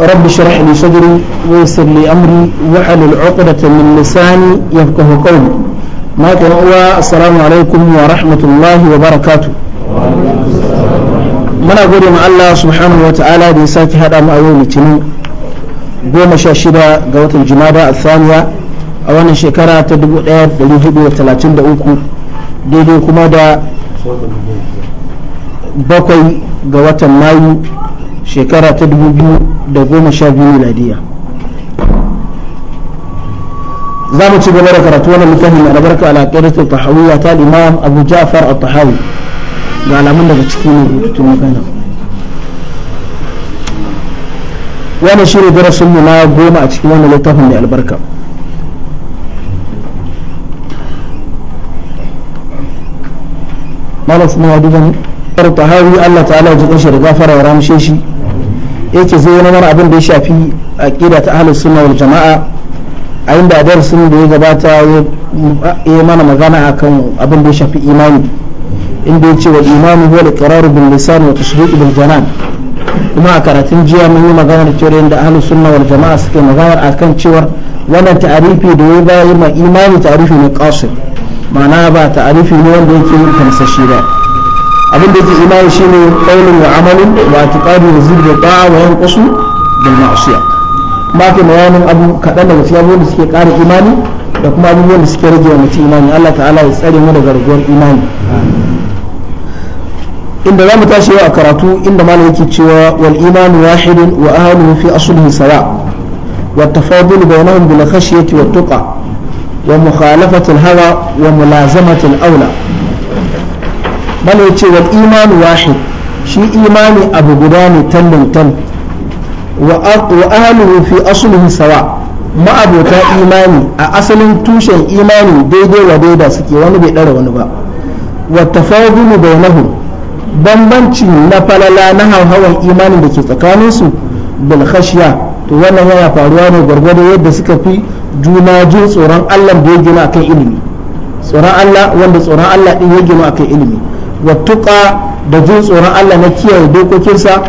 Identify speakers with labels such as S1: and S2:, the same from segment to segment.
S1: rabbi اشرح لي صدري ويسر لي أمري واحلل عقدة من لساني يفقه قولي ما uwa السلام عليكم ورحمة الله وبركاته muna gode ma Allah subhanahu wa ta'ala da ya sake haɗa mu a yau litinin goma sha shida ga watan jumada a thaniya a wannan shekara ta 1433 daidai kuma da bakwai ga watan mayu shekara ta biyu. da goma sha biyu miladiya za mu ci gaba da karatu wannan littafin mai albarka ala ta tahawiyya ta imam abu ja'far a tahawi ga alamun daga ciki ne rubutu magana wannan shine darasin mu na goma a cikin wannan littafin mai albarka malam kuma ya duba ne tahawi Allah ta'ala ya ji kashi da gafara ya ramshe shi yake zai wani abin da ya shafi aqida ta ahlus sunna wal jama'a a inda darasin da ya gabata ya mana magana akan abin da ya shafi imani inda ya ce wa imani huwa al-iqrar bil lisan wa tashbiq bil janan kuma a karatun jiya mun yi magana da cewa inda ahlus sunna wal jama'a suke magana akan cewa wannan ta'arifi da ya bayi ma imani ta'arifi ne qasid ma'ana ba ta'arifi ne wanda yake yin tamsashi ba abin da yake imani ne qaulun wa amalin wa i'tiqadu yazidu bi ta'a wa yanqusu bil ma'siyah ma ke bayanin abu kaɗan daga cikin abubuwan da suke ƙara imani da kuma abubuwan da suke rage wa mutum imani Allah ta'ala ya tsare mu daga raguwar imani inda za mu tashi yau a karatu inda malam yake cewa wal imanu wahidun wa ahluhu fi aslihi sawa wa tafadul bainahum bil khashyati wat tuqa wa mukhalafati al hawa wa mulazamati al awla mana yace wal imanu wahid shi imani abu guda ne tallin tal wa ahluhu fi aslihi sawa ma'abota imani a asalin tushen imani daidai wa daida suke wani bai dara wani ba wa tafadulu bainahum bambanci na falala na hauhawan imanin da ke tsakaninsu bil khashiya to wannan yana faruwa ne gwargwado yadda suka fi juna jin tsoron Allah da ya gina akan ilimi tsoron Allah wanda tsoron Allah din ya gina akan ilimi wattuqa da jin tsoron Allah na kiyaye dokokinsa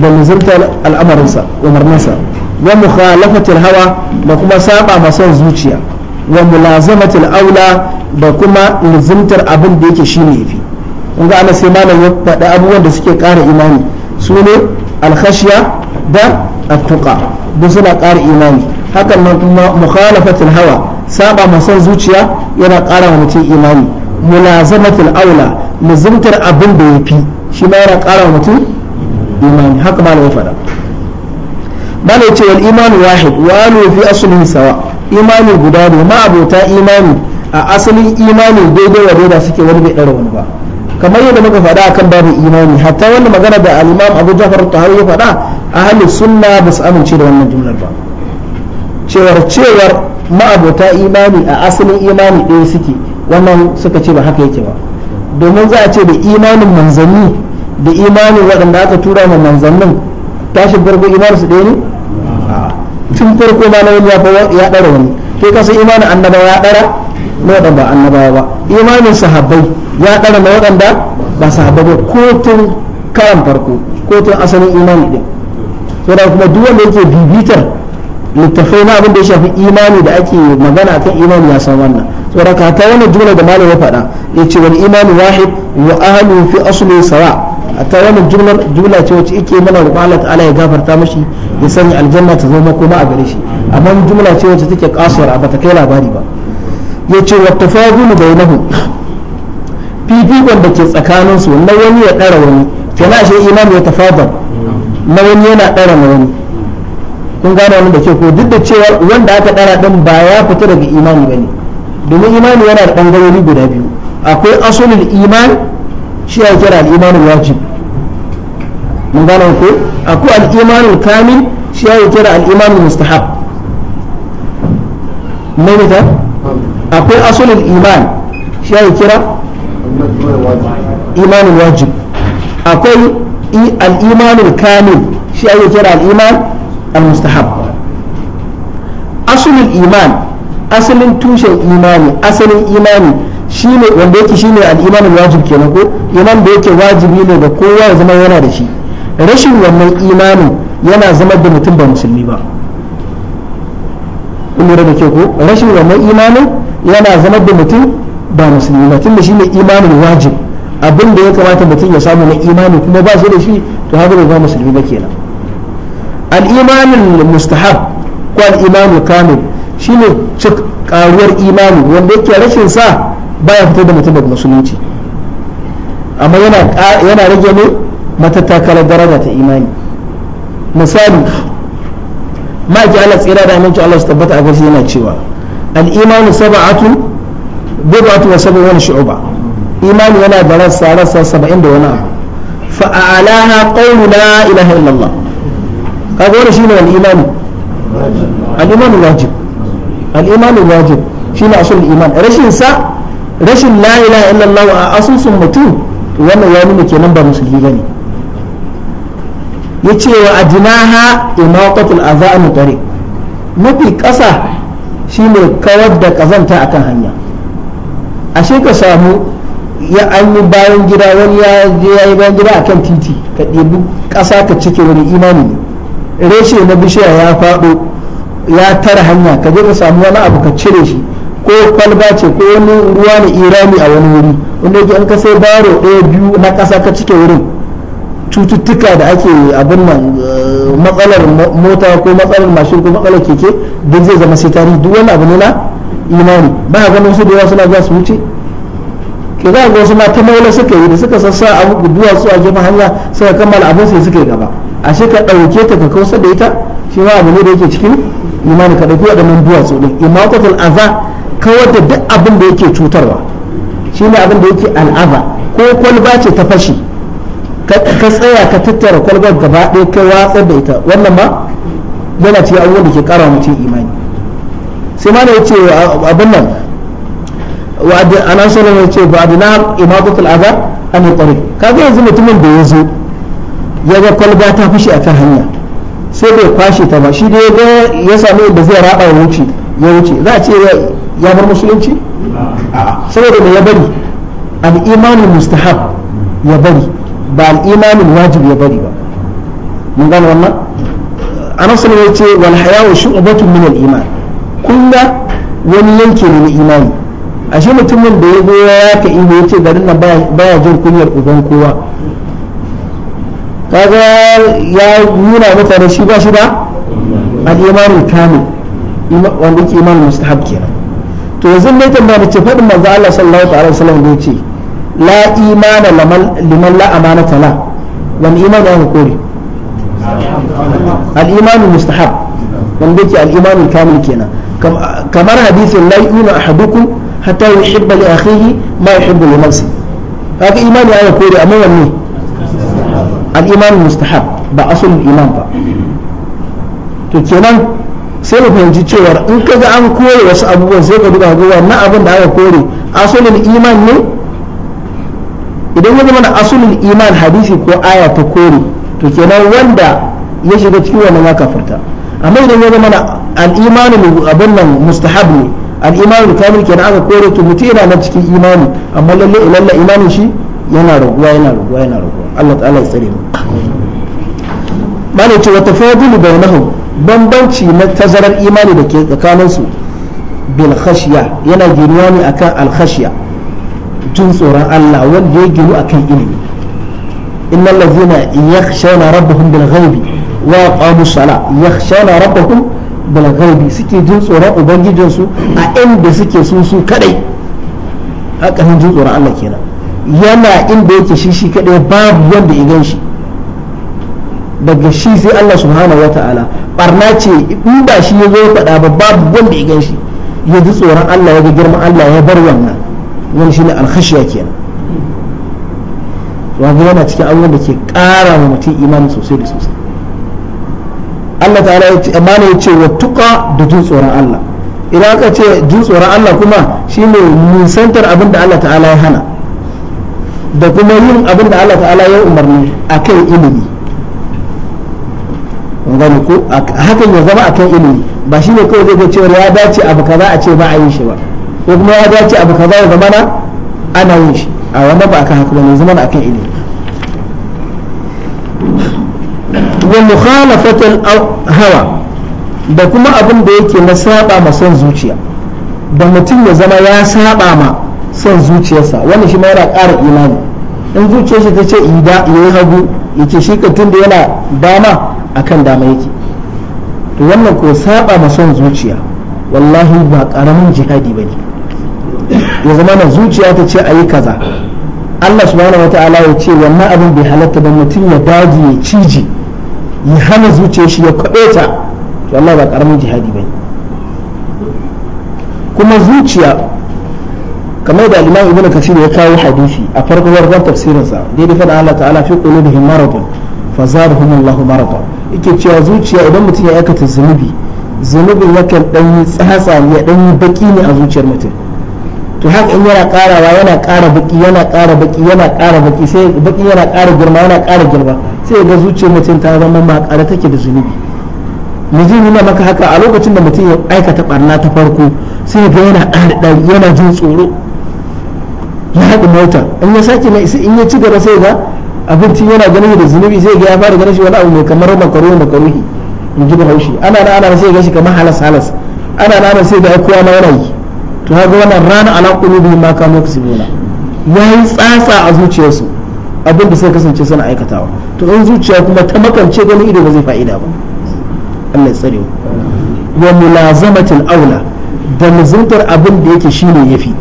S1: da nazarta al'amarinsa umarninsa wa mukhalafatil hawa da kuma saba masan zuciya wa mulazamatil aula da kuma lazimtar abin da yake shine yafi kun ga ana sai malam ya faɗi abubuwan da suke ƙara imani su ne alkhashiya da attuqa duk suna ƙara imani hakan nan kuma mukhalafatil hawa saba masan zuciya yana ƙara wa mutum imani mulazamatul aula lazumtar abin da ya fi shi ma yana ƙara wa mutum imani haka malam ya faɗa malam ya ce wal imanu wahid wa fi asulin sawa imani guda ne ma abota imani a asalin imani daidai wa daidai suke wani bai ɗara wani ba kamar yadda muka faɗa akan babu imani hatta wannan magana da al-imam Abu Ja'far Tahawi ya faɗa ahli sunna ba su amince da wannan jumlar ba cewar cewar ma'abota imani a asalin imani ɗaya suke wannan suka ce ba haka yake ba domin za a ce da imanin manzanni da imanin waɗanda aka tura ma manzannin tashin farko imaninsu ɗaya ne tun farko ma na wani ya ɗara wani kai kasan imanin annabawa ya ɗara na waɗanda annabawa ba imanin sahabbai ya ɗara na waɗanda ba sahabbai ba ko tun karan farko ko tun asalin imani ɗin saboda kuma duk wanda yake bibitar littafai na abin da ya shafi imani da ake magana akan imani ya san wannan tsoraka ta wani jumla da malam ya faɗa ya ce wani imanin wahid wa ahlu fi asli sawa ta wani jumlar jumla ce wacce ike mana roƙon Allah ta'ala ya gafarta mashi ya sanya aljanna ta zama kuma a gare shi amma jumla ce wacce take kasura ba ta kai labari ba ya ce wata wa tafadulu bainahu fifikon da ke tsakaninsu na wani ya ɗara wani na ashe imanin ya tafadal na wani yana ɗara na wani kun gane wani da ke ko duk da cewa wanda aka ɗara ɗin ba ya fita daga imani ba ne domin imani yana da ɓangarori guda biyu akwai iman shi ya kira al'imanin wajib mun gane akwai al'imanin kamil shi ya kira al'imanin mustahab akwai iman shi ya kira imanin wajib akwai al'imanin kamil shi ya kira al'iman al-mustahab iman asalin tushen imani asalin imani shine wanda yake shine al'imanin imanul wajib kenan ko iman da yake wajibi ne ga kowa ya zama yana da shi rashin wannan imanin yana zama da mutum ba musulmi ba kun da ke ko rashin wannan imanin yana zama da mutum ba musulmi ba tunda shine imanin wajib abin da ya kamata mutum ya samu na imani kuma ba shi da shi to haka bai ba musulmi ba kenan al-imanul mustahab ko al'imanin imanul kamil shine cik karuwar imani wanda yake rashin sa baya fitar da mutum daga musulunci amma yana rage ne matattakalar daraja ta imani misali ma'aiki Allah tsira da aminci Allah su tabbata a gashi yana cewa al-imanu sab'atun bid'atu wa wani shu'ba imani yana da rassa rassa saba'in da wani abu fa a'laha qawlu la ilaha illallah kaga wani shine al-imani al-imanu wajib al'imanin wajib shi ne asul iman rashin sa rashin la a asusun mutum wannan ya nuna kenan ba musulmi bane yace wa adnaha imaqatul adha an tariq mafi ƙasa shine kawar da kazanta akan hanya ashe ka samu ya an bayan gida wani ya je yi bayan gida akan titi ka ɗebi ƙasa ka cike wani imani ne reshe na bishiya ya faɗo ya tara hanya ka je ka samu wani abu ka cire shi ko kwalba ce ko wani ruwa ne irami a wani wuri wanda yake an ka sai baro ɗaya biyu na ƙasa ka cike wurin cututtuka da ake abin nan eh, matsalar mota ko matsalar mashin ko matsalar keke duk zai zama sai tarihi duk wani abu ne na imani ba a ganin su da yawa suna zuwa su wuce ke za a ga wasu ma ta maula suka yi da suka sassa abu su a gefen hanya suka kammala abin sai suka yi gaba ashe ka ɗauke ta ka kausa da ita shi ma abu ne da yake cikin imani ka dauki waɗannan duwatsu din imaqatul aza kawar da duk abin da yake cutarwa ne abin da yake al'aza ko kwalba ce ta fashi ka tsaya ka tattara kwalbar gaba ɗaya ka watsar da ita wannan ma yana ce abubuwan da ke ƙara mutum imani sai ma da ya ce abin nan ana sanar ya ce ba adina imadatul azar an yi ƙwarai kaga yanzu mutumin da ya zo ya ga kwalba ta fushi kan hanya sai bai kwashe ta ba shi dai ya ya samu da zai raba wuce ya wuce za a ce ya bar musulunci saboda me ya bari al mustahab ya bari ba al wajib ya bari ba mun gane wannan anas ne yace wal haya'u shu'batun min al-iman kulla wani yanke ne na imani ashe mutumin da ya goya ka ido yace garin nan baya jin kunyar uban kowa kaga ya nuna da shi ba shi ba al'imanin kamil wanda yake imanin mustahab kenan to yanzu ne tambaya ce faɗin manzo Allah sallallahu alaihi wasallam da yace la imana liman liman la amanata la wani iman ya kore al-iman mustahab wanda yake al-iman kenan kamar hadisin la yu'minu ahadukum hatta yuhibba li akhihi ma yuhibbu li nafsihi kaga imani ya kore amma wanne al’iman iman mustahab ba asulul iman ba to kenan sai mu fahimci cewa in ka ga an kore wasu abubuwan sai ka duba ga na abin da aka kore asulul iman ne idan ya zama na asulul iman hadisi ko aya ta kore to kenan wanda ya shiga cikin wannan ya kafirta amma idan ya zama na al-iman abin nan mustahab ne al-iman kamil kenan aka kore to mutum yana nan cikin imani amma lalle lalle imanin shi yana raguwa yana raguwa yana raguwa Allah ta'ala ya tsare mu bane ce wata fadilu bainahum bambanci na tazarar imani da ke tsakanin su bil khashiya yana ginuwa ne akan al khashiya jin tsoron Allah wanda ya ginu akan ilimi innal ladzina yakhshawna rabbahum bil ghaibi wa aqamu sala yakhshawna rabbahum bil ghaibi suke jin tsoron ubangijinsu a inda suke su su kadai haka jin tsoron Allah kenan yana inda yake shi shi kadai babu wanda ya gan shi daga shi sai Allah subhanahu wata'ala barna ce in ba shi ya zo ya faɗa ba babu wanda ya gan shi ya ji tsoron Allah ya ga girman Allah ya bar wannan wani shi ne alkhashiya kenan wanda yana cikin abubuwan da ke ƙara wa mutum imani sosai da sosai Allah ta'ala ya ce amana ya ce wa tuqa da jin tsoron Allah idan aka ce jin tsoron Allah kuma shine nisantar abin da Allah ta'ala ya hana da kuma yin abin da Allah ta'ala ya umarni a kan ilimi gani ko hakan ya zama a kan ilimi ba shi ne kawai zai ga cewa ya dace abu kaza a ce ba a yin shi ba ko kuma ya dace abu kaza ya zama na ana yin shi a wanda ba kan haka ba ne zama kan ilimi wa mukhalafatul hawa da kuma abin da yake na saba ma son zuciya da mutum ya zama ya saba ma son zuciyarsa wanda shi ma yana ƙara imani in zuciyarsa ta ce ida ya yi hagu ya ce shi ka tun da yana dama a kan dama yake to wannan ko saba ma son zuciya wallahi ba ƙaramin jihadi ba ne ya zama na zuciya ta ce a yi kaza Allah subhanahu wata'ala ya ce wannan abin bai halatta ba mutum ya dage ya ciji ya hana zuciyar shi ya kwaɓe ta to Allah ba ƙaramin jihadi ba ne kuma zuciya kamar da al-imam ibn kasir ya kawo hadisi a farko warkon tafsirin sa daidai fada Allah ta'ala fi da maradun fa zadahum Allahu maradun yake cewa zuciya idan mutum ya aikata zunubi zunubin yakan dan yi tsatsa ne dan yi baki ne a zuciyar mutum to haka in yana karawa yana kara baki yana kara baki yana kara girma sai ga zuciyar mutum ta zama makara take da zunubi mu zai nuna maka haka a lokacin da mutum ya aikata barna ta farko sai ga yana yana jin tsoro ya haɗu mota in ya sake na in ya ci gaba sai ga abinci yana ganin da zunubi zai ga ya fara ganin shi wani abu mai kamar makaruhi makaruhi in ji bahaushe ana na ana sai ga shi kamar halas halas ana na ana sai ga kowa na yana yi to haka wannan rana ala qulubi ma kanu ya yi tsatsa a zuciyarsu abinda sai kasance suna aikatawa to in zuciya kuma ta makance ganin ido ba zai fa'ida ba Allah ya tsare wa mulazamatil aula da muzuntar abin da yake shine yafi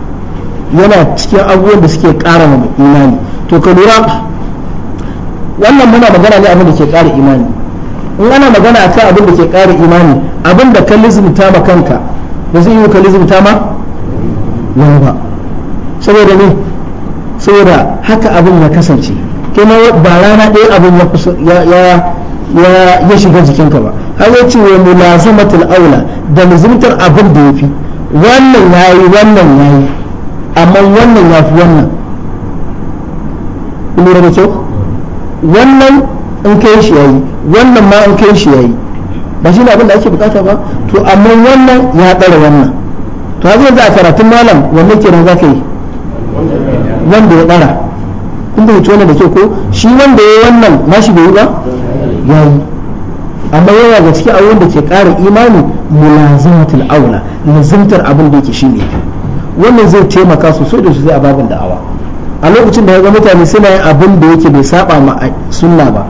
S1: yana cikin abubuwan da suke ƙara wa imani to ka lura wannan muna magana ne abin da ke ƙara imani in ana magana akan abin da ke ƙara imani abin da ka lizumta ma kanka ba zai yi ka lizumta ma wani ba saboda ne saboda haka abin ya kasance kuma ba rana ɗaya abin ya shiga jikinka ba har ya ce wa mulazamatul aula da lazimtar abin da ya fi wannan yayi wannan yayi amma wannan ya fi wannan lura da kyau wannan in kai shi yayi wannan ma in kai shi yayi ba shi ne abin da ake bukata ba to amma wannan ya tsara wannan to haka yanzu a karatun malam wanda nan za ka yi wanda ya tsara inda ya wannan da ke ko shi wanda ya wannan ma shi bai yi ba ya yi amma yana ga cikin a wanda ke kara imani mulazimatul aula lazimtar abin da yake shi ne wannan zai taimaka sosai da sosai a babin da'awa a lokacin da ga mutane suna yin abin da yake bai saba ma sunna ba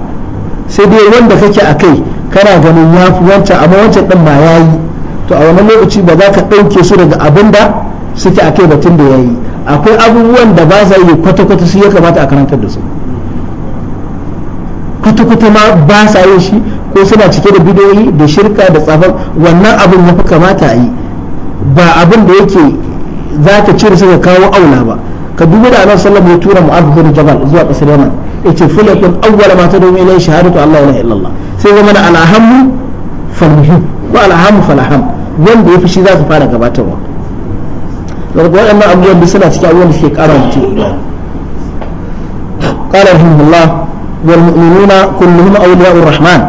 S1: sai dai wanda kake a kai kana ganin ya fi wancan amma wancan din ma ya yi to a wani lokaci ba za ka ɗauke su daga abin da suke a kai batun da ya yi akwai abubuwan da ba za yi kwata-kwata su ya kamata a karantar da su kwata-kwata ma ba sa yin shi ko suna cike da bidiyoyi da shirka da tsafan wannan abin ya fi kamata a yi ba abin da yake za ka cire suka kawo aula ba ka duba da annabi sallallahu alaihi tura mu'adh bin jabal zuwa kasar yaman yace fulatun awwala ma tadum ilai shahadatu allah la ilaha illallah sai zama da falmuhim ko alhammu falham wanda ya fi shi za ka fara gabatarwa daga waɗannan abubuwan da suna cikin abubuwan da suke ƙara mutum قال رحمه الله والمؤمنون كلهم أولياء الرحمن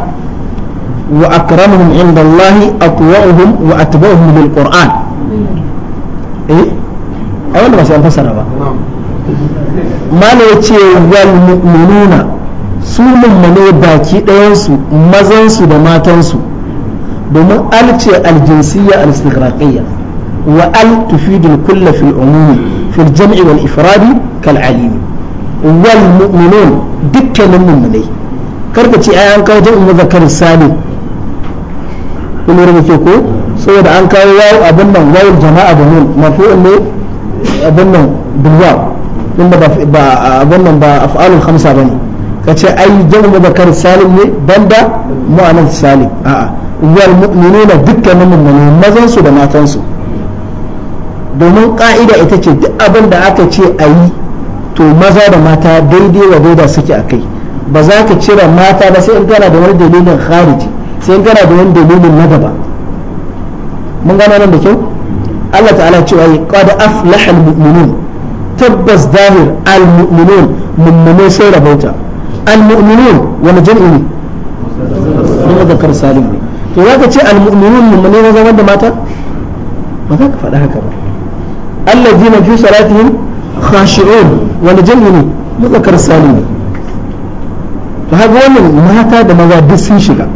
S1: وأكرمهم عند الله أقوأهم وأتبعهم بالقرآن eh a wanda ba su fassara ba mana ya ce wal mu'minuna su mummune baki ɗayansu mazansu da matansu domin al ce aljinsiyya al-istighraqiyya wa al tufidul kulla fil umumi fil jam'i wal ifradi kal wal mu'minun dukkanin mummune karka ce ai an kawo jam'in muzakkar salim kun lura ko saboda an kawo wawu abin nan wawul jama'a da nun mafi'ul ne abin nan bilwa inda ba abin nan ba af'alul khamsa bane kace ai jamu mudhakkar salim ne banda mu'annath salim a'a wal mu'minuna dukkanin mu'minai mazan su da matan su domin ka'ida ita ce duk abin da aka ce a yi to maza da mata daidai wa daida suke a kai ba za ka cire mata ba sai in kana da wani dalilin khariji sai in kana da wani dalilin na gaba mun gano nan da kyau Allah ta'ala cewa ya qad aflaha almu'minun tabbas zahir almu'minun mummune sai rabauta almu'minun wani jam'i ne kuma zakar salim ne to zaka ce almu'minun mummune na zaman da mata ba za ka faɗa haka ba alladhina fi salatihim khashi'un wani jam'i ne muzakkar salim ne to haka wannan mata da maza duk sun shiga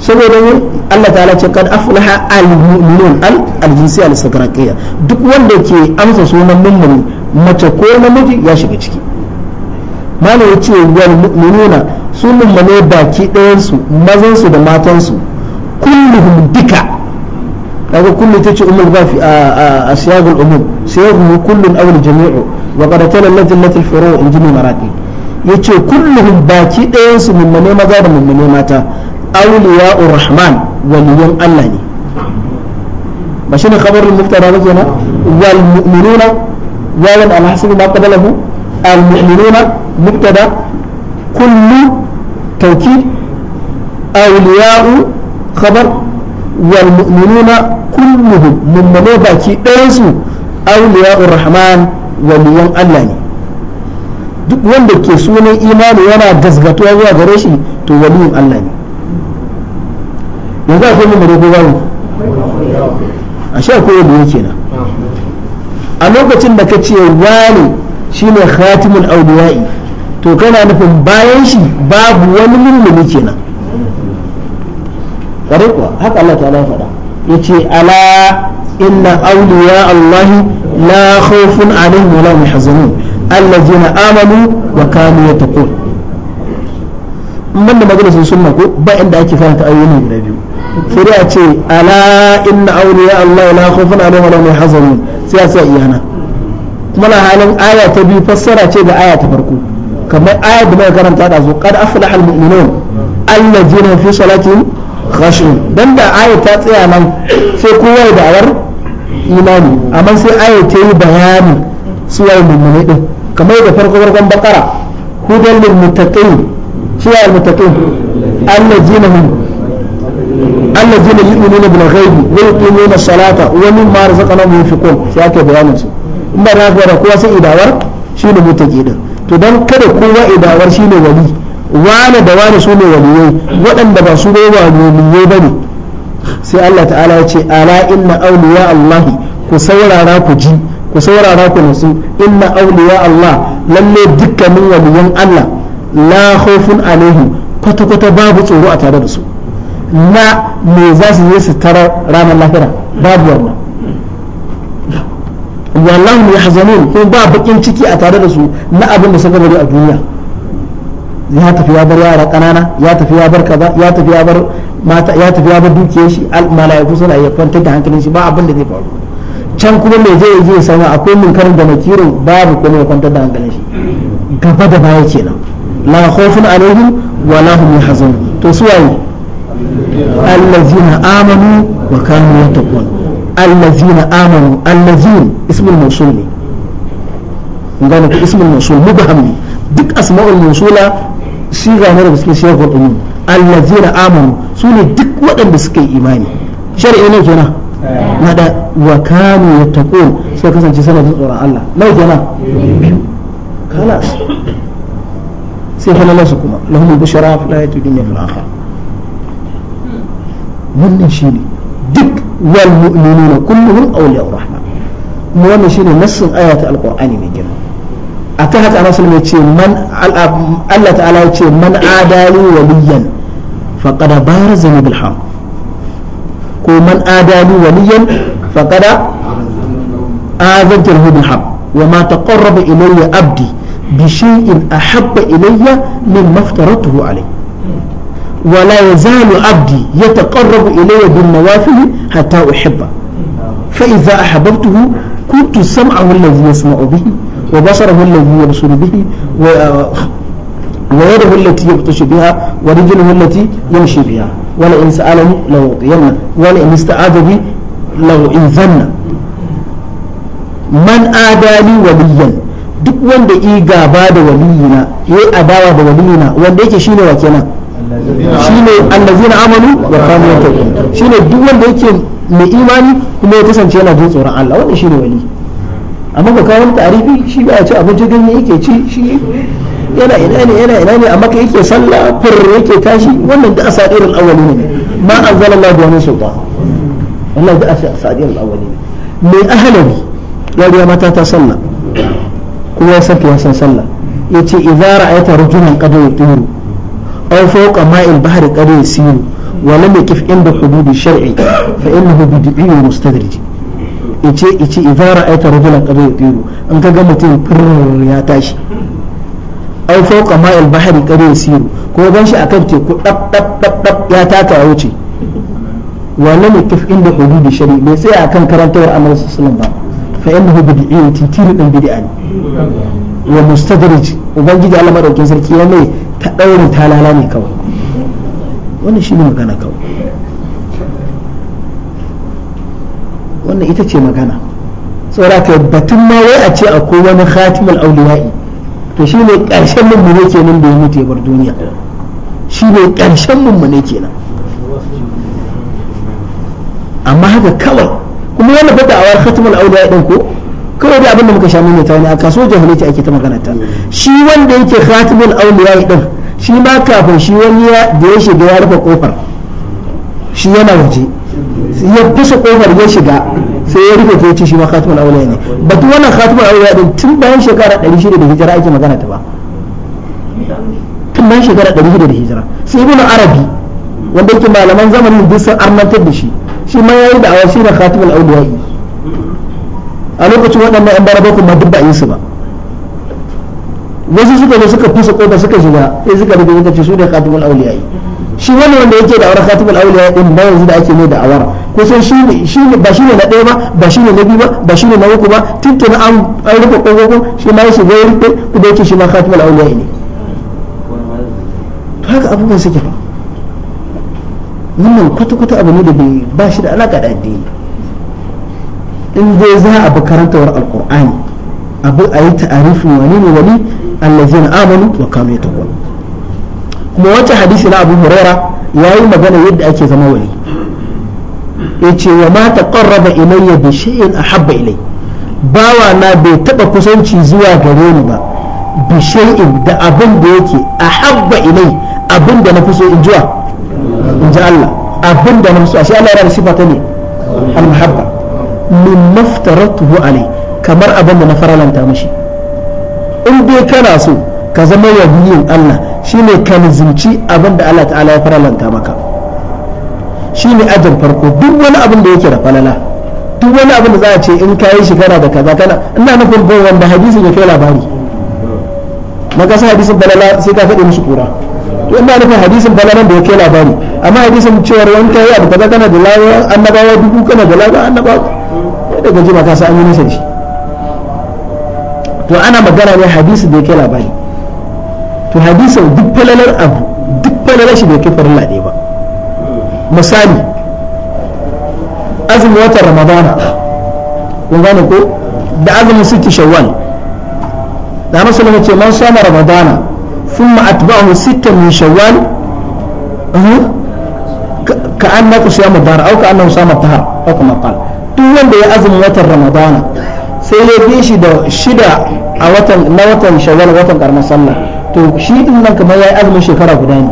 S1: saboda ne Allah ta'ala ce kad aflaha al-mu'minun al-jinsi al-sagraqiyya duk wanda ke amsa sunan mummuni mace ko namiji ya shiga ciki mana ce wal mu'minuna su mummune baki ɗayan su mazan su da matan su kulluhum dika kaga kullu tace umul bafi a siyagul umum siyagu kullun aw al-jami'u wa qad tala allati al-furu' injini maraqi yace kulluhum baki ɗayan su mummune maza da mummune mata awliya urrahman waliyan Allah ne ba shi ne khabarul muftara ba kenan wal mu'minuna yawan alhasibu ma qablahu al mu'minuna mubtada kullu tawkid awliya'u khabar wal mu'minuna kulluhum mummune baki ɗayansu awliya'ur rahman waliyan Allah ne duk wanda ke sunan imani yana gasgatuwa zuwa gare shi to waliyin Allah ne yanzu akwai mangoro ko babu a sha ko yadda yake na a lokacin da ka ce wani ne khatimul awliya'i to kana nufin bayan shi babu wani mulmuli kenan kare kuwa haka Allah ta'ala faɗa yace ala inna awliya Allah la khawfun alaihim wa la hum yahzanun allazina amanu wa kanu yattaqun mun da magana sun sunna ko ba inda ake karanta ayoyi guda biyu sai a ce ala inna awliya Allah la khawfun alaihim wa la hum sai a sa iyana kuma na halin aya ta biyu fassara ce da aya ta farko kamar aya da muka karanta da zo qad aflaha almu'minun alladhina fi salatihim khashi'un dan da aya ta tsaya nan sai kowa ya da'awar imani amma sai aya ta yi bayani su waye mummune din kamar da farko farkon bakara hudan lil muttaqin shi ya muttaqin alladhina hum allazina yu'minuna bil ghaibi wa yuqimuna salata wa mimma razaqnahum yunfiqun sai ake bayanin su in ba za ka kowa sai idawar shine mutaki din to dan kada kowa idawar shine wali wane da wane su ne waliyai waɗanda ba su ne waliyai ba ne sai Allah ta'ala ya ce ala inna awliya Allahi ku saurara ku ji ku saurara ku nasu inna awliya Allah lalle dukkanin waliyan Allah la khawfun alaihim kwata-kwata babu tsoro a tare da su na me za su yi su tarar ranar lahira babu wannan wallahu ya hazanu ko ba bakin ciki a tare da su na abin da suka bari a duniya ya tafi ya bar yara kanana ya tafi ya bar kaza ya tafi ya bar mata ya tafi ya bar dukiyar shi malaiku suna iya kwantar da hankalin shi ba abin da zai faru can kuma me zai je sama akwai munkarin da nakirin babu kuma ya kwantar da hankalin shi gaba da baya kenan la khawfun alaihim wa lahum yahzanun to su waye allazina amanu wa kanu yattaqun allazina amanu allazin ismul mawsul ne ngana ku ismul mawsul mubham ne duk asma'ul mawsula siga ne da suke shekul umum allazina amanu su duk waɗanda suka yi imani shari'i ne kenan wada wa kanu yattaqun suka kasance suna jin tsoron Allah nau kenan kalas sai fa lalasu kuma lahumul bushra fil ayati wannan shi ne duk wal mu'minuna kulluhum awliya'ur rahman kuma wannan shine nassin ayatu alqur'ani mai girma akan haka rasul mai ce man Allah ta'ala ya ce man adali waliyan faqad barazani bil haqq ko man adali waliyan faqad azantahu bil haqq وما تقرب إلي عبدي بشيء أحب إلي مما افترضته عليه ولا يزال عبدي يتقرب إلي بالنوافل حتى أحبه فإذا أحببته كنت سمعه الذي يسمع به وبصره الذي يبصر به ويده التي يبطش بها ورجله التي يمشي بها ولئن سألني لأعطينه ولئن استعاذ بي لأعيذنه man adali waliyan duk wanda i gaba da waliyina yayi adawa da waliyina wanda yake shine wa kenan shine allazina amanu wa kanu yattaqun shine duk wanda yake mai imani kuma ya kasance yana jin tsoron Allah wannan shine wali amma ka kawo ta'arifi shi ba ya ci abinci ganye yake ci shi yana ina ne yana ina ne amma kai yake sallah fur yake tashi wannan da asadirul awwalin ne ma anzala Allah bi wani sultan wannan da asadirul awwalin ne mai ahalari ya riya mata ta sallah kuma ya san ya san sallah yace idza ra'aita rajulan qad yutiru أو فوق ماء البحر قد يسير ولم يكف عند حدود الشرع فإنه بدعي مستدرج ice ice rajulan an mutum ya tashi fauka ko shi akan teku dab dab dab dab ya taka ya wuce wannan inda hududi bai akan karantawar sallallahu wa mustadraj ubangiji Allah madaukin sarki ya ta ɗaurin ta ne kawai wannan shi ne magana kawai wannan ita ce magana tsoraka batun ma wai a ce akwai wani khatimul auliya'i to shi ne ƙarshen ke kenan da ya mutu ya bar duniya shi ne ƙarshen ke kenan amma haka kawai kuma wani fada a war khatimul auliya'i ɗin ko kawai da abin da muka sha mai ta wani a kasuwar jahilci ake ta magana ta shi wanda yake khatibul awliya din shi ma kafin shi wani da ya shiga ya rufe kofar shi yana waje ya fasa kofar ya shiga sai ya rufe ta ce shi ma khatibul awliya ne batu wannan khatibul awliya din tun bayan shekara 600 da hijira ake magana ta ba tun bayan shekara 600 da hijira sai ibn arabi wanda yake malaman zamanin duk sun armantar da shi shi ma yayi da awasira khatibul awliya a lokacin waɗannan ɗan bara bakwai ma duk ba yi su ba wasu suka zo suka fusa kofa suka shiga sai suka rage suka ce su ne khatibul yi shi wani wanda yake da awar khatibul awliyai din ba yanzu da ake ne da awar kusan shi ne shi ne ba shi ne na ɗaya ba ba shi ne na biyu ba ba shi ne na uku ba tuntuna an an rufe kogogo shi ma shi zai rufe da yake shi ma khatibul awliyai ne to haka abubuwan suke ba wannan kwata-kwata abu ne da bai ba shi da alaƙa da addini in dai za a bi karantawar alkur'ani abu a yi ta'arifin wani ne wani allazin amanu wa kanu ya taqwa kuma wacce hadisi na abu huraira ya yi magana yadda ake zama wali ya ce wa ma taqarraba ilayya bi shay'in ahabba ilay bawa na bai taba kusanci zuwa gare ni ba bi shay'in da abin da yake ahabba ilay abin da na fi so in jiwa in ji Allah abin da na fi so ashe Allah ya da sifa ta ne al-muhabba min maftaratuhu alai kamar abin da na faralanta mashi in dai kana so ka zama waliyin Allah shine ka nizimci abin da Allah ta'ala ya faralanta maka shine ajin farko duk wani abin da yake da falala duk wani abin da za a ce in ka yi shigara da kaza kana ina nufin bai wanda hadisin ya kai labari na kasa hadisin balala sai ka faɗi musu kura to ina nufin hadisin balalan da ya kai labari amma hadisin cewar wanka yi abu kaza kana da lawa annabawa dubu kana da lawa annabawa kada gaji ba ka san an yi nisa shi to ana magana ne hadisi da yake labari to hadisin duk falalar abu duk falalar shi da yake farilla ba misali azumin watan ramadana kun gane ko da azumin sitti shawwal da amsa lama ce man soma ramadana sun ma'atba'ahu sittan min shawwal ka an na kusa siya mudara au an na usama tahar au kuma qala duk wanda ya azumin watan ramadana sai ya bi shi da shida a watan na watan shawar watan karamar sallah to shi din nan kamar ya yi azumin shekara guda ne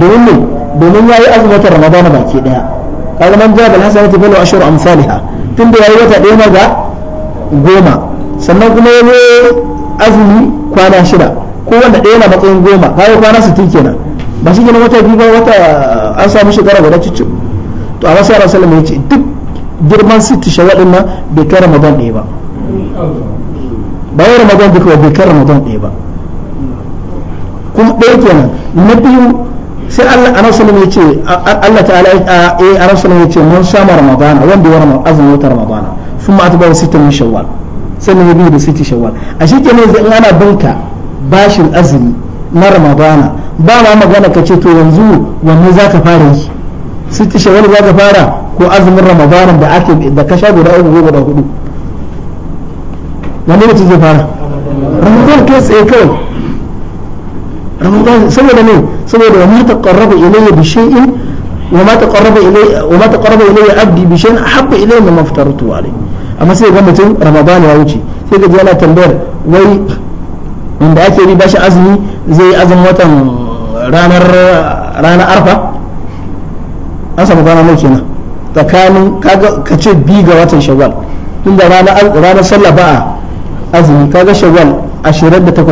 S1: domin ne domin yi azumin watan ramadana baki daya kaga man jabal hasanatu falu ashur amsalha tunda yi wata daya ga goma sannan kuma ya yi azumi kwana shida ko wanda daya na matsayin goma kaga kwana sittin kenan ba shi kenan wata biyu ba wata an samu shekara guda cicci to a masu sallallahu alaihi ya ce duk girman sittu shawwal nan bai kai ramadan ɗaya ba bayan ramadan duka bai kai ramadan ɗaya ba kuma ɗaya kenan na biyu sai Allah a rasul ya ce Allah ta eh a rasul ya ce mun sama ramadana wanda ya ramadan azumin wata ramadana sun ma ba sittu min shawwal sai mun biyu da sittu shawwal a shi kenan in ana binka bashin azumi na ramadana ba ma magana ka ce to yanzu wanne za ka fara yi sittu shawwal zaka fara ko azumin ramadanin da ake da ka sha guda uku guda hudu wani mutum zai fara ramadan kai tsaye kawai ramadan saboda ne saboda wa ma taqarraba ilayya bi shay'in wa ma taqarraba ilayya wa ma taqarraba ilayya abdi bi shay'in ahabba ilayya mimma aftaratu alayhi amma sai ga mutum ramadan ya wuce sai ga yana tambayar wai wanda ake riba shi azumi zai yi azumin watan ranar ranar arfa an samu kwana mai kenan tsakanin ka ce bi ga watan shawwal tunda ranar sallah ba a azumi kaga shawwal 28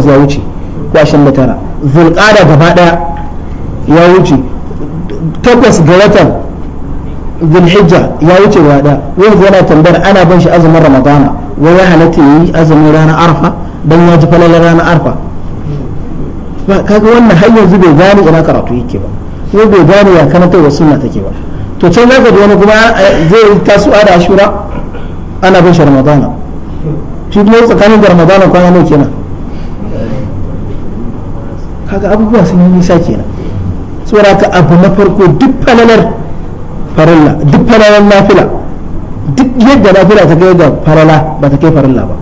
S1: ya wuce ko 29 zulqada gaba daya ya wuce takwas ga watan zulhijja ya wuce gaba daya wani yana tambayar ana ban shi azumin ramadana wai ya halatta yi azumin ranar arfa dan ya ji falalar ranar arfa kaga wannan har yanzu bai gane ina karatu yake ba ko bai gane ya kanatar wa sunna take ba to can za ka ji wani kuma eh, zai yi tasowa da ashura ana bin shi ramadana shi kuma tsakanin da ramadana kwana nawa kenan kaga abubuwa sun yi nisa kenan tsora ka abu na farko duk falalar farilla duk falalar nafila duk yadda nafila ta kai da farala ba ta kai farilla ba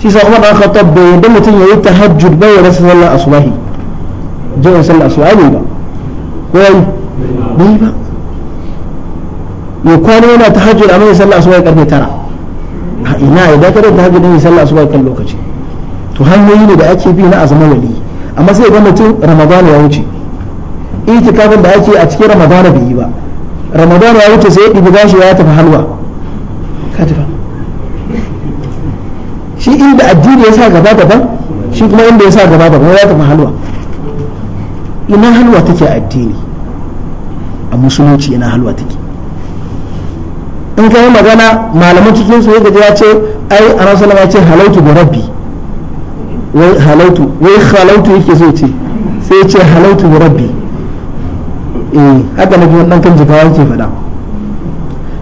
S1: shi sa kuma an khattab bai yadda mutum ya yi tahajjud bai ya rasa sallar asubahi jiran sallar asubahi ba ko yayi bai ba ya kwana yana ta hajji da mai sallah asuba karfe tara a ina idan da ta hajji da mai sallah asuba kan lokaci to hanyoyi ne da ake bi na azama wali amma sai ga mutum ramadana ya wuce itikafin da ake a cikin ramadana bai yi ba ramadana ya wuce sai ya ɗibi gashi ya tafi halwa ka tafi shi inda addini ya sa gaba daban shi kuma inda ya sa gaba daban ya tafi halwa ina halwa take addini a musulunci ina halwa take in ka yi magana malaman cikin su yadda ya ce ai a rasulun ya ce halautu da rabbi wai halautu wai halautu yake so ce sai ya ce halautu da rabbi eh haka na biyu kan jikawa yake faɗa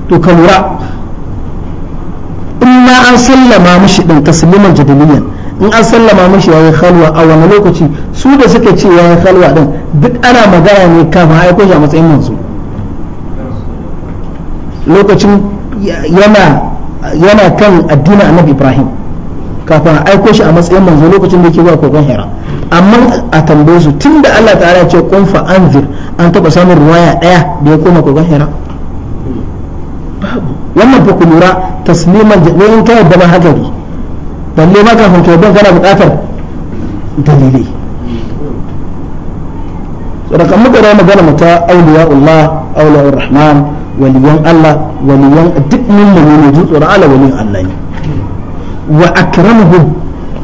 S1: to ka lura in ma an sallama mishi ɗin tasliman jadaliyan in an sallama mishi yayin halwa a wani lokaci su da suka ce yayin halwa ɗin duk ana magana ne kama ai shi a matsayin manzo lokacin yana kan addinin annabi ibrahim kafin a aiko shi a matsayin manzo lokacin da yake zuwa kogon hira amma a tambaye su tun da allah ta'ala ya ce kun an an taba samun ruwaya daya da ya koma kogon hira wannan fa ku lura tasliman ne in ka yadda ma hagari balle ma kafin ka yadda kana bukatar dalilai saboda muka rawa magana mu ta auliya'ullah auliya'ur rahman waliyan Allah waliyan duk mummuni ne jin tsoron Allah waliyan Allah ne wa akramuhu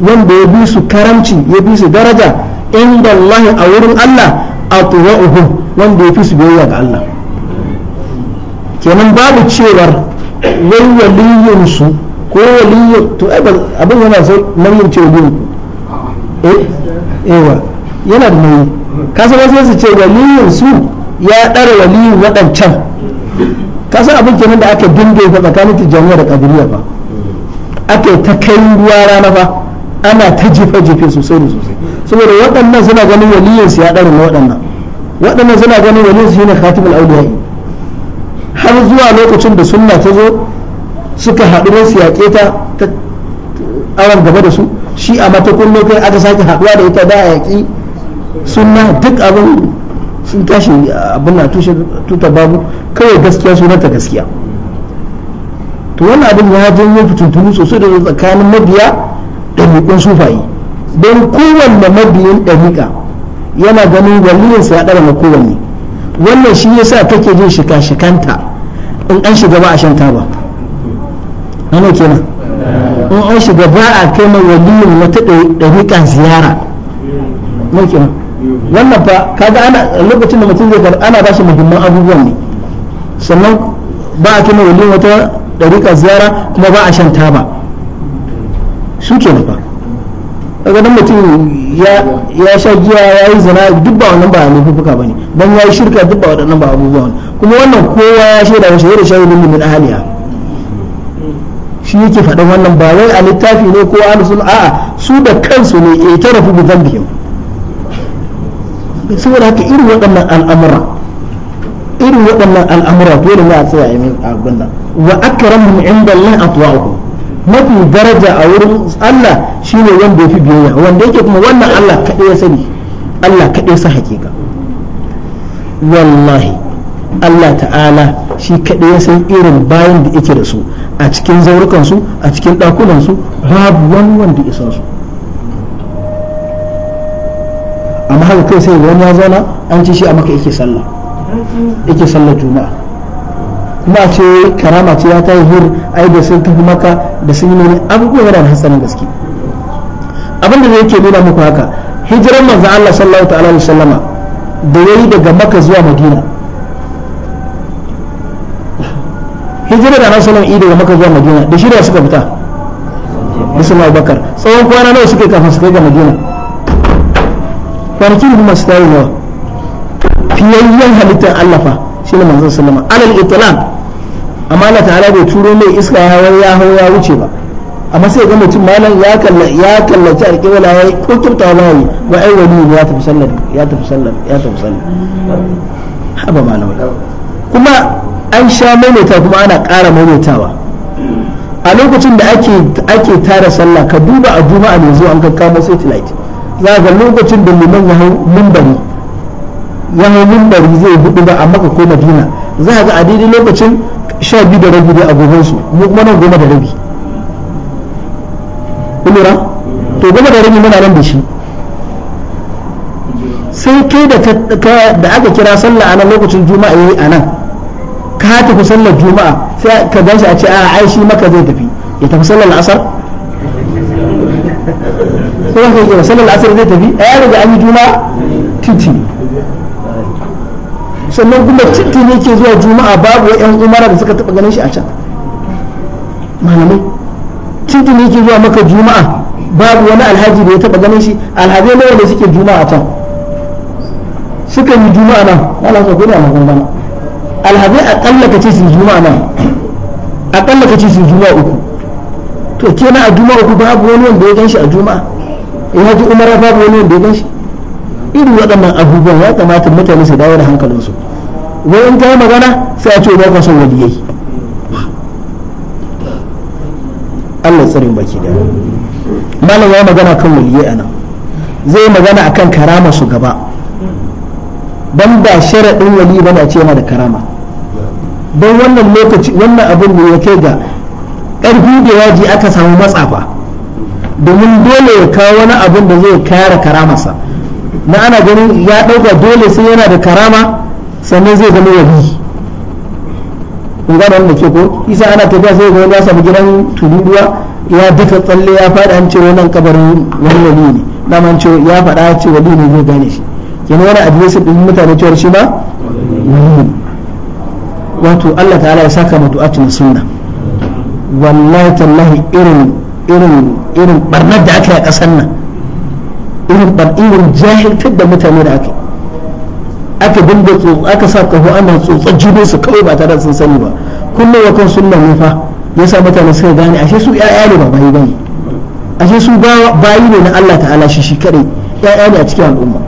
S1: wanda ya bi su karamci ya bi su daraja inda Allah a wurin Allah a tuwa'uhu wanda ya fi su biyayya ga Allah kenan babu cewar wai waliyan su ko waliyan to abin yana so nauyin ce waliyin eh ewa yana da nauyi kasa wasu su ce waliyan su ya ɗara waliyan waɗancan ka san abin kenan da aka dinde fa tsakanin tijjaniya da kadiriya ba ake ta kai ruwa rana fa ana ta jife jefe sosai da sosai saboda waɗannan suna ganin waliyin su ya na waɗannan waɗannan suna ganin waliyin su shine khatibul awliya har zuwa lokacin da sunna ta zo suka haɗu da su yaƙe ta awon gaba da su shi a matakun lokacin kai aka sake haɗuwa da ita da a yaƙi sunna duk abin sun tashi abin na tuta babu kawai gaskiya sunanta gaskiya to wannan abin ya janyo fitintunu sosai da tsakanin mabiya ɗariƙun sufayi don kowanne mabiyin ɗariƙa yana ganin sa ya ɗara kowanne wannan shi ya sa kake jin shika-shikanta in an shiga ba a shan taba ana kenan in an shiga ba a kai mai waliyin wata ɗariƙa ziyara mai kenan wannan fa kaga ana lokacin da mutum zai ana ba shi muhimman abubuwan ne sannan ba a kima wani wata ɗariƙa ziyara kuma ba a shan taba su ke nufa daga nan mutum ya sha giya ya yi zina duk ba wannan ba a laifuka ba ne don ya yi shirka duk ba waɗannan ba abubuwan kuma wannan kowa ya shaida wa shaida shahidin min ahliya shi yake faɗin wannan ba wai a littafi ne ko alusun a'a su da kansu ne ya eh, tarafi bi zambihim saboda haka irin waɗannan al'amura irin waɗannan al'amura dole ne a tsaya a min abin nan wa inda Allah mafi daraja a wurin Allah shine wanda ya fi biyayya wanda yake kuma wannan Allah kaɗai ya sani Allah kaɗai sa hakika wallahi Allah ta'ala shi kaɗai ya san irin bayan da yake da su a cikin zaurukansu a cikin ɗakunansu babu wani wanda ya san su amma haka kai sai wani ya zauna an ci shi a maka yake sallah yake sallar juma'a kuma a ce karama ce ya tayi hur ai da sun tafi maka da sun yi mene abubuwa yana da hatsarin gaske abin da yake nuna muku haka hijirar manzo Allah sallallahu ta'ala alaihi wasallama da yayi daga maka zuwa madina hijirar da nasu yi daga maka zuwa madina da shirya suka fita musulma abubakar tsawon kwana nawa suke kafin su kai ga madina kwanakin kuma su tayi nawa fiyayyen halittar Allah fa ne manzon sallama alal itlaq amma Allah ta'ala bai turo mai iska ya hawa ya hawa ya wuce ba amma sai ga mutum malam ya kalla ya kallaci alƙibla ya kuntumta wallahi wa ai wani ya tafi sallar ya tafi sallar ya tafi sallar haba malam kuma an sha maimaita kuma ana ƙara maimaitawa a lokacin da ake ake tara sallah ka duba a juma'a ne zuwa an sai tilaiti za ga lokacin da liman ya hau mimbari wani hau mimbari zai hudu ba a maka ko madina za a ga a daidai lokacin sha biyu da rabi da su, mu kuma nan goma da rabi kulura to goma da rabi muna nan da shi sai kai da aka kira sallah a nan lokacin juma'a yayi a nan ka tafi sallar juma'a sai ka gan shi a ce a ai shi maka zai tafi ya tafi sallar asar sai ka kira sallar asar zai tafi a ai da an yi juma'a titi sannan kuma tuntuni ke zuwa juma'a babu yan umara da suka taɓa ganin shi a can malamai tuntuni ke zuwa maka juma'a babu wani alhaji da ya taɓa ganin shi alhaji nawa da suke juma'a can suka yi juma'a nan wala sa gudu a magana alhaji akalla ka ce su juma'a nan akalla ka ce su juma'a uku to kenan a juma'a uku babu wani wanda ya gan shi a juma'a ya eh, ji umara babu wani wanda ya gan shi irin waɗannan abubuwan ya kamata mutane su dawo da hankalinsu wurin in yi magana sai a ce ba ka son waliyai Allah tsirin baki da malam ya magana kan waliyai anan zai magana akan karama su gaba dan ba sharaɗin wali bane a ce yana da karama don wannan lokaci wannan abin da ya kai ga ƙarfi da yaji aka samu matsafa domin dole ya kawo wani abin da zai kare karamarsa na ana ganin ya ɗauka dole sai yana da karama sannan zai zama wali kun gane wanda ke ko isa ana tafiya sai ga wani ya samu gidan tururuwa ya duka tsalle ya faɗa an ce wannan kabarin wani wali ne dama man ce ya faɗa ce wali ne zai gane shi kenan wani adireshin ɗin mutane cewar shi ba wato Allah ta'ala ya saka mu du'atun sunna wallahi tallahi irin irin irin barnar da aka yi a ƙasar nan irin irin jahiltar da mutane da aka yi aka dinga tsotsa aka sa kaho ana tsotsa su kawai ba tare da sun sani ba kullum wa kan sunna ne fa yasa mutane suka gane ashe su ƴaƴa ne ba bayi bane ashe su bayi ne na Allah ta'ala shi shi ya ƴaƴa ne a cikin al'umma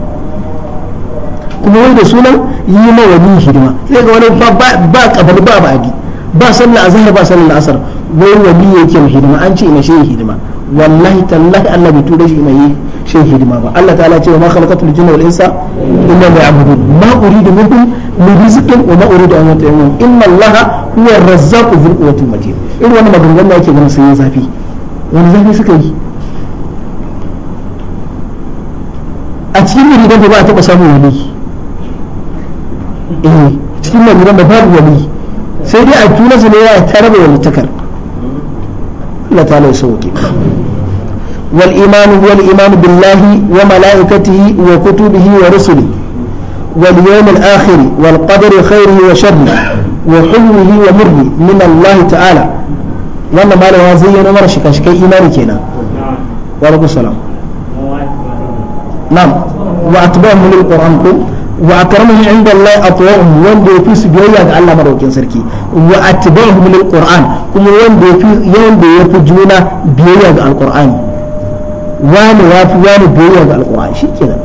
S1: kuma wanda sunan yi ma wani hidima sai ga wani ba kabari ba ba'adi ba sallah azhar ba sallah asar wai wani yake hidima an ce ina shi hidima wallahi tallahi Allah bai tura shi mai shin hidima ba Allah ta'ala ce wa ma khalaqatul jinna wal insa illa liya'budun ma uridu minhum min rizqin wa ma uridu an yut'imun inna Allah huwa ar-razzaqu dhul quwwati matin irin wannan maganganun da yake ganin sun yi zafi wani zafi suka yi a cikin muridan da ba a taɓa samun wani eh cikin muridan da babu wani sai dai a tuna su ne ya taraba wani takar لتالي سوكي والإيمان هو الإيمان بالله وملائكته وكتبه ورسله واليوم الآخر والقدر خيره وشره وحلوه ومره من الله تعالى لأن ما له هذه أنا مرشك أشكي إيمانك هنا السلام نعم وأتباه من القرآن كله wa akramuhum inda Allah atwahum wanda yafi su biyayya ga Allah madaukin sarki wa atba'uhum lil qur'an kuma wanda yafi yanda yafi juna biyayya ga alqur'ani wani yafi wani biyayya ga alqur'ani shikenan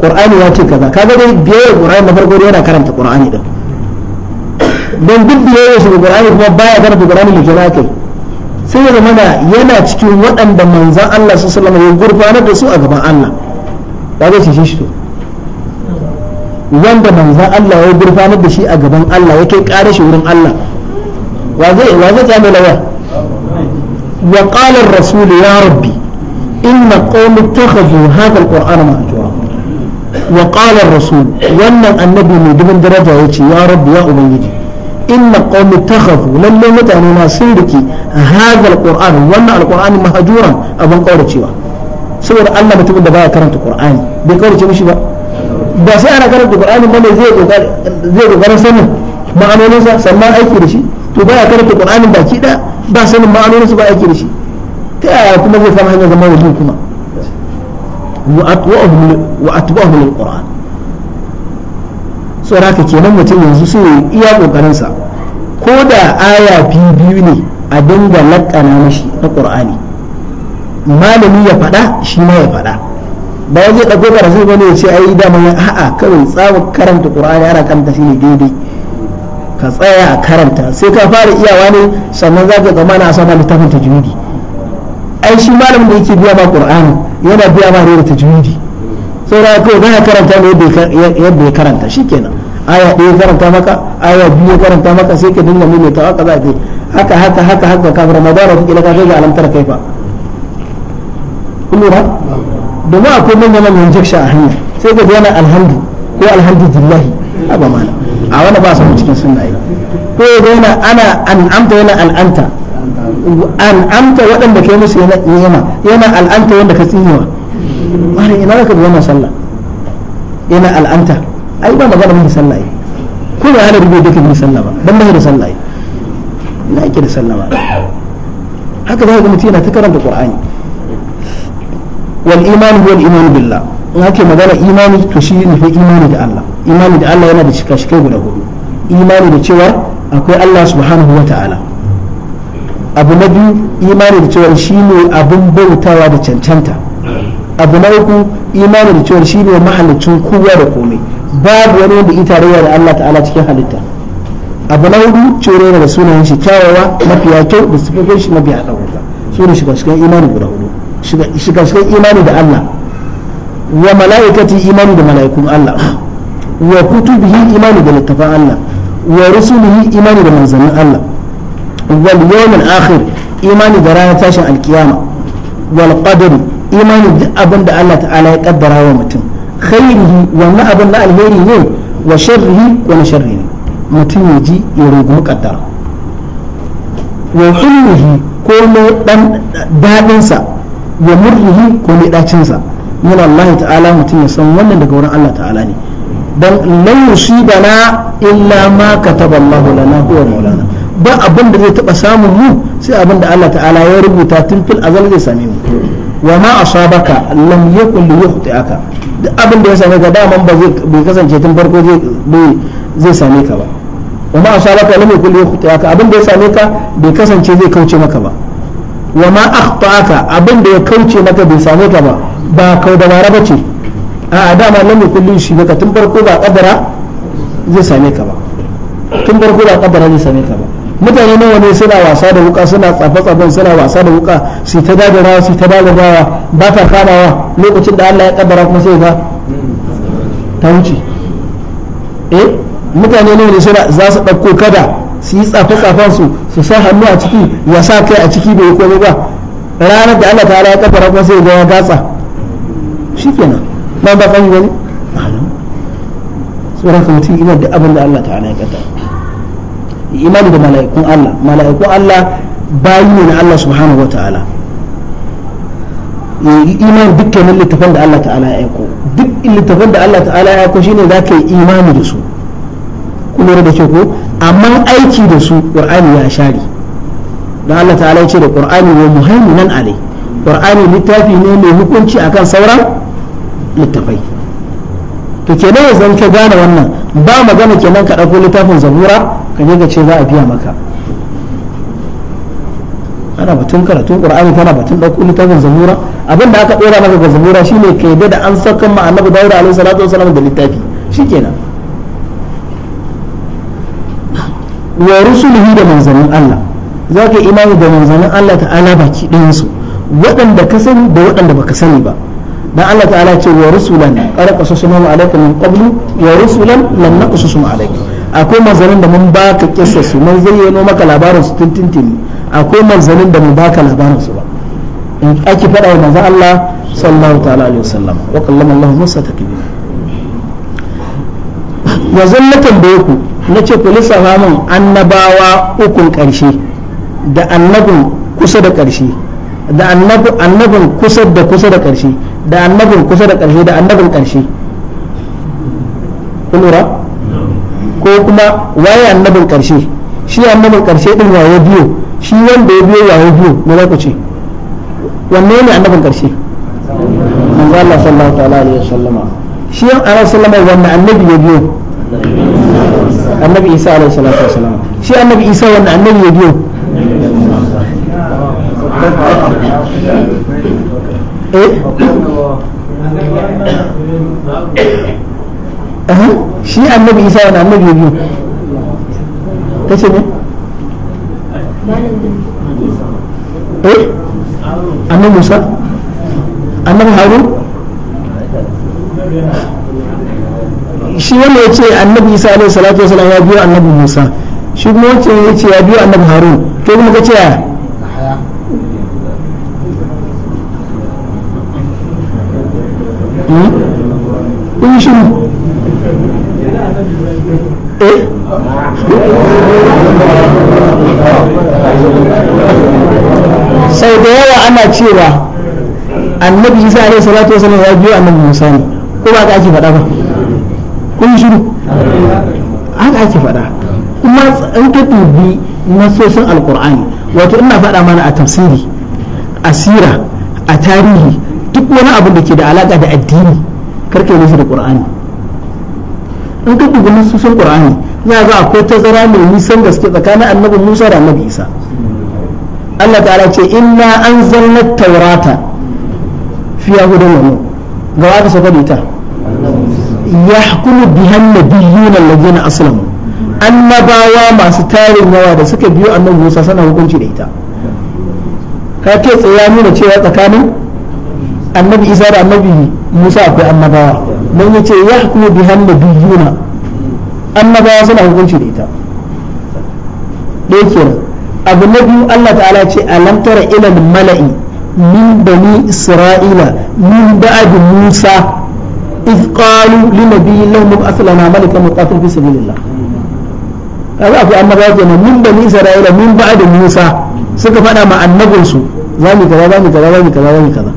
S1: qur'ani ya ce kaza kaga dai biyayya qur'ani na farko yana karanta qur'ani din don duk biyayya shi ga qur'ani kuma baya karanta qur'ani ne kenan kai sai ya zama yana cikin waɗanda manzan Allah sallallahu alaihi wasallam ya gurfanar da su a gaban Allah zai shi shi to wanda manzan Allah ya gurfanar da shi a gaban Allah ya kai kare shi wurin Allah wa zai wa zai tsame lawa wa qala ar-rasul ya rabbi inna qawmi ittakhadhu hadha al-qur'ana mahjura wa qala ar-rasul wannan annabi mai dubin daraja yace ya rabbi ya ubangiji inna qawmi ittakhadhu lalle mutane na sun riki hadha al-qur'ana wannan al-qur'ani mahjuran abin kauracewa saboda Allah mutumin da baya karanta qur'ani bai kaurace mishi ba ba sai ana karanta qur'ani bane zai dogara zai dogara sanin sa sannan aiki da shi to ba ya karanta qur'anin baki da ba sanin sa ba aiki da shi ta yaya kuma zai fara hanyar zama wajen kuma wa atba'ahum lil-qur'an so ke kenan mutum yanzu sai iya kokarin sa ko da aya biyu ne a dinga lakana mashi na qur'ani malami ya faɗa shi ma ya faɗa ba ya je ɗauko karatu ba ne ya ce ai dama ya a'a kawai tsawon karanta ƙur'ani ana karanta shi ne daidai ka tsaya a karanta sai ka fara iyawa ne sannan za ka zama na sama littafin tajwidi ai shi malamin da yake biya ma ƙur'ani yana biya ma ne da tajwidi saboda kawai za ka karanta ne yadda ya karanta shi kenan aya ɗaya karanta maka aya biyu karanta maka sai ka dinga ta haka za ka haka haka haka haka kafin ramadana kuke na kafin ga alamtar kaifa kun domin akwai manya manyan jaksha a hanya sai ka yana alhamdu ko alhamdulillahi a ba mana a wani ba samu cikin sunna yi ko ya yana ana an'amta yana al'anta an'amta waɗanda kai musu yana yana al'anta wanda ka tsinewa mara ina ka wannan sallah yana al'anta ai ba magana mun sallah yi ko ba yana rubuta kake sallah ba dan ba da sallah yi ina yake da sallah ba haka za ka ga mutum yana ta karanta qur'ani wal imani huwa imani billah in ake magana imani to shi ne fa imani da Allah imani da Allah yana da shika-shikai guda hudu imani da cewa akwai Allah subhanahu wa ta'ala abu na biyu imani da cewa shi ne abun bautawa da cancanta abu na uku imani da cewa shi ne mahallicin kowa da komai babu wani wanda ita tarayya da Allah ta'ala cikin halitta abu na hudu cewa da sunayen shi kyawawa mafiya kyau da sifofin shi mafiya ɗaukaka su ne shiga cikin imani guda hudu shikashikan imani da Allah wa mala'ikati imani da mala'ikun Allah wa kutubihi imani da littafan Allah wa rusulihi imani da manzannin Allah wal yawmil akhir imani da ranar tashin alkiyama wal qadari imani da abin da Allah ta'ala ya kaddara wa mutum khairihi wannan abin na alheri ne wa sharrihi wa na sharri ne mutum ya ji ya rungumi kaddara wa ilmihi ko dan dadinsa wa murrihi ko mai dacinsa min Allah ta'ala mutum ya san wannan daga wurin Allah ta'ala ne dan lan yusibana illa ma kataba Allah lana huwa maulana ba abin da zai taba samun mu sai abin da Allah ta'ala ya rubuta tun fil azal zai same mu wa ma asabaka lam yakun li yukhti'aka duk abin da ya same ka daman ba zai bai kasance tun farko zai zai same ka ba wa ma asabaka lam yakun li yukhti'aka abin da ya same ka bai kasance zai kauce maka ba wa ma akhta'aka abin da ya kauce maka bai same ka ba ba kau da ba ce a dama ne yakun shi maka tun farko ba kadara zai same ka ba tun farko ba kadara zai same ka ba mutane nawa ne suna wasa da wuka suna tsafa tsafen suna wasa da wuka su ta dagarawa su ta dagarawa ba ta kamawa lokacin da Allah ya kadara kuma sai ga ta wuce eh mutane nawa ne suna za su dauko kada su yi tsafe-tsafen su su sa hannu a ciki ya sa kai a ciki bai komai ba ranar da Allah ta'ala ya kafara kuma sai ya gatsa kenan ba ba kan wani tsoron ka mutum iman da abin da Allah ta'ala ya kaddara imani da mala'ikun Allah mala'ikun Allah bayi ne na Allah subhanahu wa ta'ala eh, iman dukkanin littafan da Allah ta'ala ya aiko duk littafan da Allah ta'ala ya aiko shine za yi imani da su lura da ke ko amma aiki da su qur'ani ya share da Allah ta'ala ya ce da qur'ani wa muhaiminan alai qur'ani littafi ne mai hukunci akan sauran littafai to kenan yanzu ka gane wannan ba magana kenan ka ɗauko littafin zabura ka je ka ce za a biya maka ana batun karatun qur'ani tana batun ɗauko littafin zabura abin da aka ɗora maka ga zabura shine ka da an saukan ma annabi dawud alaihi salatu wasallam da littafi shikenan wa rusuluhu da manzannin Allah za ka imani da manzannin Allah ta'ala baki su waɗanda ka sani da waɗanda baka sani ba dan Allah ta'ala ce wa rusulan qara qasasuna alayka min qablu wa rusulan lam naqsusum alayka akwai manzannin da mun baka kissa su mun zayyano maka labarin su tuntuntuni akwai manzannin da mun baka labarin su ba in ake faɗa wa manzon Allah sallallahu ta'ala alaihi wasallam wa kallama Allah Musa taklima wa zallatan bayku na ce ku lissafa min annabawa ukun ƙarshe da annabin kusa da ƙarshe da annabin kusa da kusa da ƙarshe da annabin kusa da ƙarshe da annabin ƙarshe lura ko kuma waye annabin ƙarshe shi annabin ƙarshe din waye biyo shi wanda ya biyo waye biyo me za ku ce wanne ne annabin ƙarshe manzo Allah sallallahu alaihi wasallama shi an sallallahu alaihi wanda annabi ya biyo annabi isa alaihi salatu wasalam shi annabi isa wanda annabi ya biyo eh? shi annabi isa wanda annabi ya biyo ta ce ne eh annabi musa annabi harun shi wanda ya ce annabi isa alaihi salatu wasalam ya biyo annabi musa shi kuma wacce ya ce ya biyo annabi harun to kuma ka ce ya
S2: hmm? kun shi eh
S1: da yawa ana cewa annabi isa alaihi salatu wasalam ya biyo annabi musa ne ko ba ka ake faɗa ba kun shiru haka ake faɗa kuma an ka dubi nasoshin alkur'ani wato ina faɗa mana a tafsiri a sira a tarihi duk wani abu da ke da alaƙa da addini karka yi da qur'ani in ka dubi nasoshin qur'ani za ga akwai tazara mai nisan gaske tsakanin annabi Musa da annabi Isa Allah ta'ala ce inna anzalna taurata fiya hudan ga wa ka da ita yahkumu biha annabiyuna alladhina aslamu annabawa masu tarin yawa da suka biyo annabi Musa sana hukunci da ita ka ke tsaya nuna cewa tsakanin annabi Isa da annabi Musa akwai annabawa don yace yahkumu biha annabiyuna annabawa suna hukunci da ita ɗaya kenan abu na biyu Allah ta'ala ce alam tara ilal mala'i min bani isra'ila min ba'd musa إذ قالوا لنبي لهم ابعث لنا ملكا نقاتل في سبيل الله kaza akwai annabawa kenan min bani isra'ila min ba'd musa suka fada ma annabinsu zamu kaza zamu kaza zamu kaza zamu kaza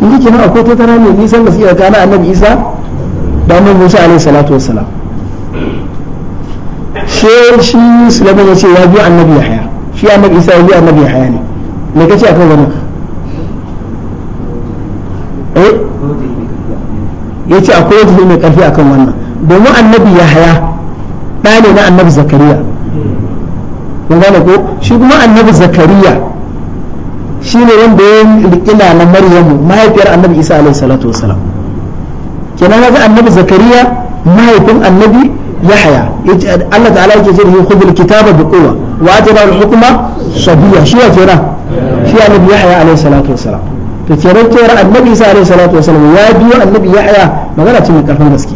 S1: in ji kenan akwai tattara nisan da suke kana annabi isa da annabi musa alaihi salatu wassalam she shi sulaiman ya ce ya bi annabi yahya shi annabi isa ya biyo annabi yahya ne me kace akan wannan yace akwai wata mai karfi akan wannan domin annabi ya haya ɗane na annabi zakariya kun gane ko shi kuma annabi zakariya shi ne wanda ya rikila na maryamu mahaifiyar annabi isa alaihi salatu wasalam kenan ga annabi zakariya mahaifin annabi yahaya Allah ta'ala yake ce da khudh kitaba bi quwwa wa ajala al-hukma sabiya shi wa jira shi annabi yahaya alaihi salatu wasalam to kenan cewar annabi isa alaihi salatu wasallam ya biyo annabi yahya magana ce mai karfin gaske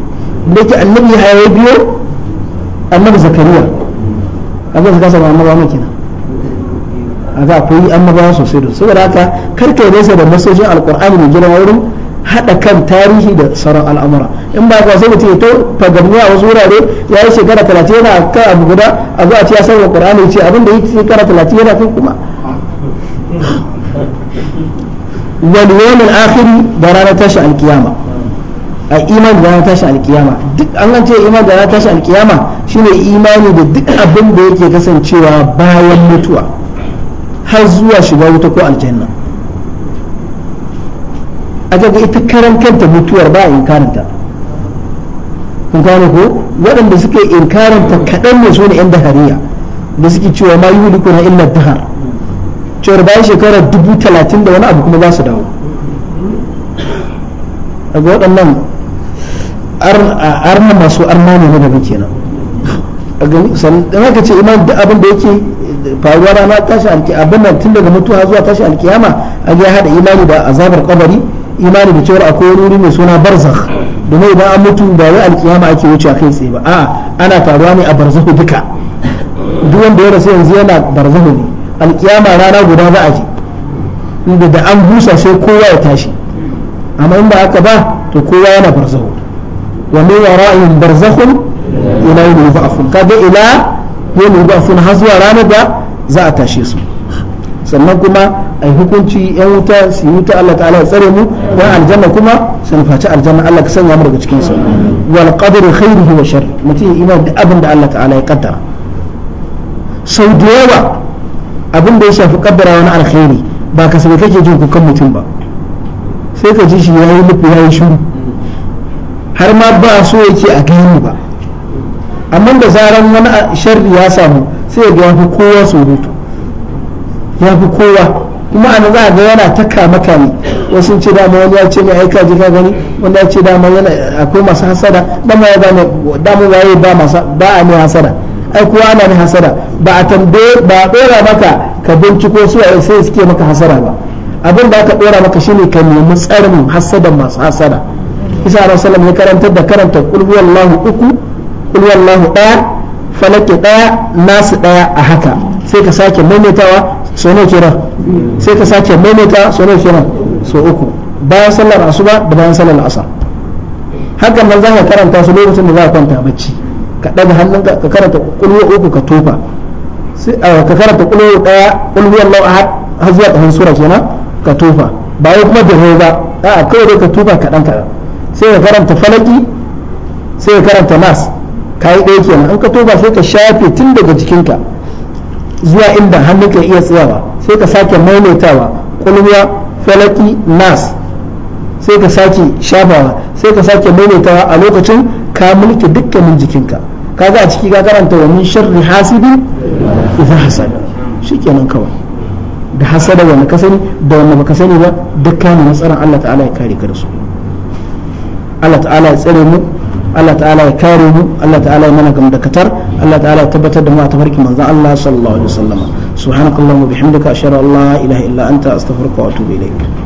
S1: da ke annabi yahya ya biyo annabi zakariya kaga zaka sama annabawa ma kenan kaga akwai annabawa sosai da saboda haka karkai nesa da masojin alqur'ani mai girma wurin hada kan tarihi da sauran al'amura in ba ka sai mutum ya to fagamni a wasu wurare ya yi shekara talatin yana kan abu guda a zo a ce ya sauya qur'ani ce abin da ya yi shekara talatin yana kai kuma wal yawmil akhir da ranar tashi alkiyama a imani da ranar tashi alkiyama duk an gan ce iman da ranar tashi alkiyama shine imani da duk abin da yake kasancewa bayan mutuwa har zuwa shiga wuta ko aljanna a ga ita karan kanta mutuwar ba inkarinta kun gane ko waɗanda suke inkarinta kaɗan ne su ne 'yan dahariya da suke cewa ma yi hulikuna illa dahar cewar bayan shekarar dubu talatin da wani abu kuma za su dawo A ga waɗannan arna masu arna ne daga kenan a gani sannan ka ce iman duk abin da yake faruwa rana tashi alki abin nan tun daga mutuwa zuwa tashi alkiyama a ga haɗa imani da azabar kabari imani da cewar akwai wuri mai suna barzakh domin idan an mutu ba wai alkiyama ake wuce a kai tsaye ba a ana faruwa ne a barzakh duka duk wanda ya rasu yanzu yana barzakh ne alkiyama rana guda za a je inda da an busa sai kowa ya tashi amma in ba haka ba to kowa yana barzahu wa min wara'ihim barzakhun ila yawmi yub'athun kaga ila yawmi yub'athun har zuwa ranar da za a tashe su sannan kuma a yi hukunci yan wuta su yi wuta Allah ta'ala ya tsare mu a aljanna kuma su nufaci aljanna Allah ka sanya mu daga cikin su wal qadru khairihi wa mutum ya iman da abin da Allah ta'ala ya kaddara sau da yawa abin da ya shafi kaddara wani alkhairi ba ka sabai kake jin kukan mutum ba sai ka ji shi ya yi lufi ya yi shuru har ma ba so yake a gani ba amma da zaran wani sharri ya samu sai ga yafi kowa surutu yafi kowa kuma a za a ga yana ta kamata ne wasu ce dama wani ya ce mai aika ji ka gani wani ya ce dama yana akwai masu hasada dama ya waye ba a mai hasada ai kowa ana ne hasara ba a tambaye ba a dora maka ka binciko su a sai suke maka hasara ba abin da aka dora maka shine ka nemi tsarin hasadan masu hasada isa rasulullah ya karanta da karanta kul huwallahu uku kul huwallahu daya falaki daya nasu daya a haka sai ka sake maimaitawa so nawa kira sai ka sake maimaita so nawa kira so uku bayan sallar asuba da bayan sallar asar hakan nan za ka karanta su lokacin da za ka kwanta bacci ka ɗaga hannunka ka karanta kulwa uku ka tofa ah, ka karanta kulwa ɗaya kulwa lau har zuwa ƙarshen sura kenan ka tofa ba yau kuma da ba a kawai dai ka tofa kaɗan kaɗan sai ka karanta falaki sai ka karanta nas ka yi ɗaya kenan in ka tofa sai ka shafe tun daga jikinka zuwa inda hannunka iya tsayawa sai ka sake maimaitawa kulwa falaki nas sai ka sake shafawa sai ka sake maimaitawa a lokacin ka mulki dukkanin jikinka kaga a ciki ka karanta wa min sharri hasidin idan hasada shikenan kawai da hasada wanda ka sani da wanda baka sani ba dukkan nasaran Allah ta'ala ya kare ka da su Allah ta'ala ya tsare mu Allah ta'ala ya kare mu Allah ta'ala ya mana gamdakatar Allah ta'ala ya tabbatar da mu a tafarki manzon Allah sallallahu alaihi wasallam subhanakallahumma bihamdika ashhadu an la ilaha illa anta astaghfiruka wa atubu ilaik